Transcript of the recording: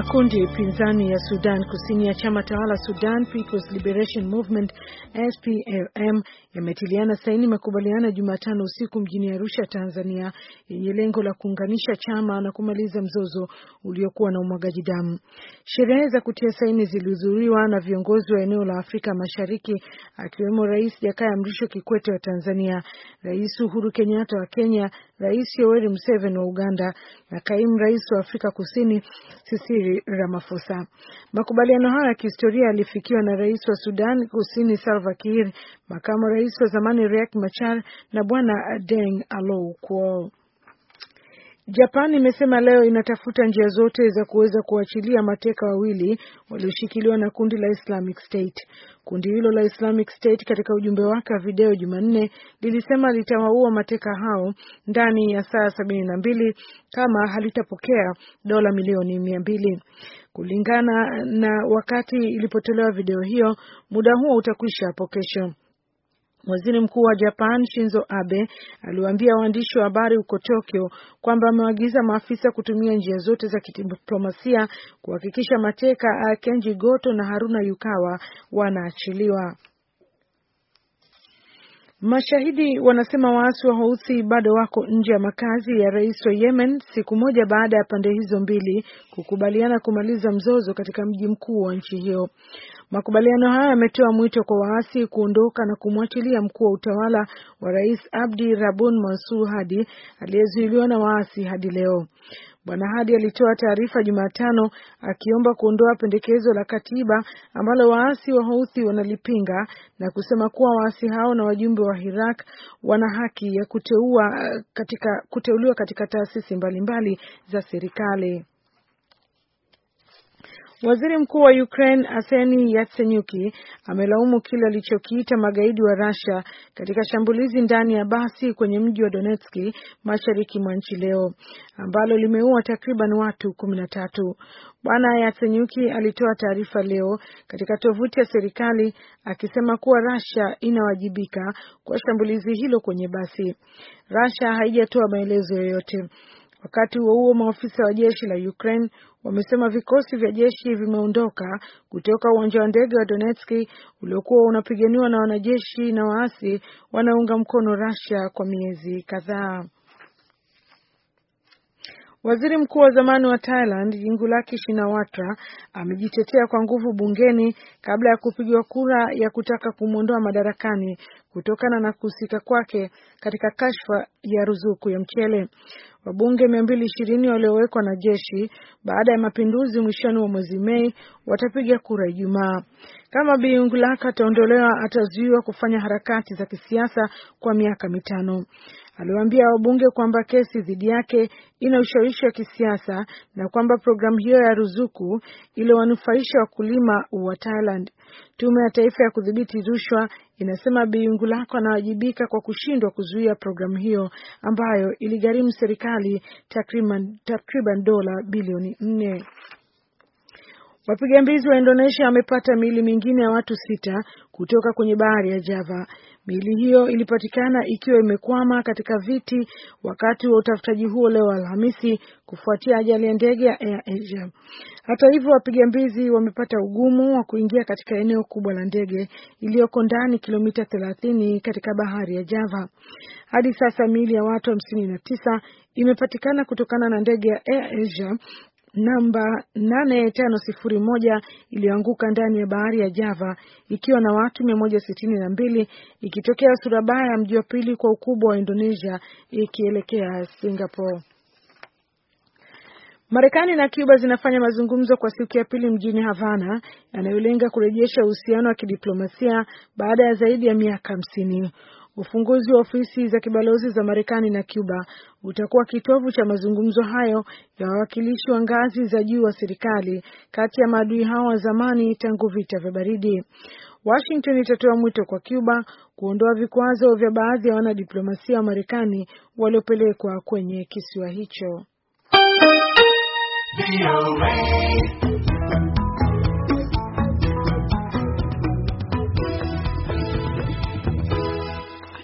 Makundi pinzani ya Sudan Kusini ya chama tawala Sudan People's Liberation Movement SPLM yametiliana saini makubaliano Jumatano usiku mjini Arusha, Tanzania, yenye lengo la kuunganisha chama na kumaliza mzozo uliokuwa na umwagaji damu. Sherehe za kutia saini zilihudhuriwa na viongozi wa eneo la Afrika Mashariki, akiwemo Rais Jakaya Mrisho Kikwete wa Tanzania, Rais Uhuru Kenyatta wa Kenya Rais Yoweri Museveni wa Uganda na kaimu rais wa Afrika Kusini Cyril Ramaphosa. Makubaliano hayo ya kihistoria yalifikiwa na rais wa Sudan Kusini Salva Kiir, makamu rais wa zamani Riek Machar na bwana Deng Alou kuo Japan imesema leo inatafuta njia zote za kuweza kuachilia mateka wawili walioshikiliwa na kundi la Islamic State. Kundi hilo la Islamic State katika ujumbe wake wa video Jumanne lilisema litawaua mateka hao ndani ya saa sabini na mbili kama halitapokea dola milioni mia mbili. Kulingana na wakati ilipotolewa video hiyo, muda huo utakwisha hapo kesho. Waziri Mkuu wa Japan Shinzo Abe aliwaambia waandishi wa habari huko Tokyo kwamba amewaagiza maafisa kutumia njia zote za kidiplomasia kuhakikisha mateka Kenji Goto na Haruna Yukawa wanaachiliwa. Mashahidi wanasema waasi wa Houthi bado wako nje ya makazi ya rais wa Yemen siku moja baada ya pande hizo mbili kukubaliana kumaliza mzozo katika mji mkuu wa nchi hiyo. Makubaliano haya yametoa mwito kwa waasi kuondoka na kumwachilia mkuu wa utawala wa Rais Abdi Rabun Mansur Hadi aliyezuiliwa na waasi hadi leo. Bwana Hadi alitoa taarifa Jumatano akiomba kuondoa pendekezo la katiba ambalo waasi wa Houthi wanalipinga na kusema kuwa waasi hao na wajumbe wa Hirak wana haki ya kuteua eh, katika, kuteuliwa katika taasisi mbalimbali za serikali. Waziri mkuu wa Ukraine Arseni Yatsenyuki amelaumu kile alichokiita magaidi wa Russia katika shambulizi ndani ya basi kwenye mji wa Donetski mashariki mwa nchi leo ambalo limeua takriban watu kumi na tatu. Bwana Yatsenyuki alitoa taarifa leo katika tovuti ya serikali akisema kuwa Russia inawajibika kwa shambulizi hilo kwenye basi. Russia haijatoa maelezo yoyote. Wakati huo huo, maafisa wa jeshi la Ukraine wamesema vikosi vya jeshi vimeondoka kutoka uwanja wa ndege wa Donetski uliokuwa unapiganiwa na wanajeshi na waasi wanaunga mkono Russia kwa miezi kadhaa. Waziri mkuu wa zamani wa Thailand Yingluck Shinawatra amejitetea kwa nguvu bungeni kabla ya kupigwa kura ya kutaka kumwondoa madarakani kutokana na kuhusika kwake katika kashfa ya ruzuku ya mchele. Wabunge 220 waliowekwa na jeshi baada ya mapinduzi mwishoni mwa mwezi Mei watapiga kura Ijumaa. Kama Biungulaka ataondolewa, atazuiwa kufanya harakati za kisiasa kwa miaka mitano. Aliwaambia wabunge kwamba kesi dhidi yake ina ushawishi wa kisiasa na kwamba programu hiyo ya ruzuku iliwanufaisha wakulima wa Thailand. Tume ya Taifa ya Kudhibiti Rushwa inasema biungu lako anawajibika kwa kushindwa kuzuia programu hiyo ambayo iligharimu serikali takriban, takriban dola bilioni nne. Wapiga mbizi wa Indonesia wamepata miili mingine ya watu sita kutoka kwenye bahari ya Java. Miili hiyo ilipatikana ikiwa imekwama katika viti wakati wa utafutaji huo leo Alhamisi kufuatia ajali ya ndege ya Air Asia. Hata hivyo, wapiga mbizi wamepata ugumu wa kuingia katika eneo kubwa la ndege iliyoko ndani kilomita 30 katika bahari ya Java. Hadi sasa miili ya watu hamsini tisa imepatikana kutokana na ndege ya Air Asia namba 8501 iliyoanguka ndani ya bahari ya Java ikiwa na watu 162 ikitokea Surabaya, mji wa pili kwa ukubwa wa Indonesia, ikielekea Singapore. Marekani na Cuba zinafanya mazungumzo kwa siku ya pili mjini Havana yanayolenga kurejesha uhusiano wa kidiplomasia baada ya zaidi ya miaka hamsini. Ufunguzi wa ofisi za kibalozi za Marekani na Cuba utakuwa kitovu cha mazungumzo hayo ya wawakilishi wa ngazi za juu wa serikali kati ya maadui hao wa zamani tangu vita vya baridi. Washington itatoa mwito kwa Cuba kuondoa vikwazo vya baadhi ya wanadiplomasia wa Marekani waliopelekwa kwenye kisiwa hicho.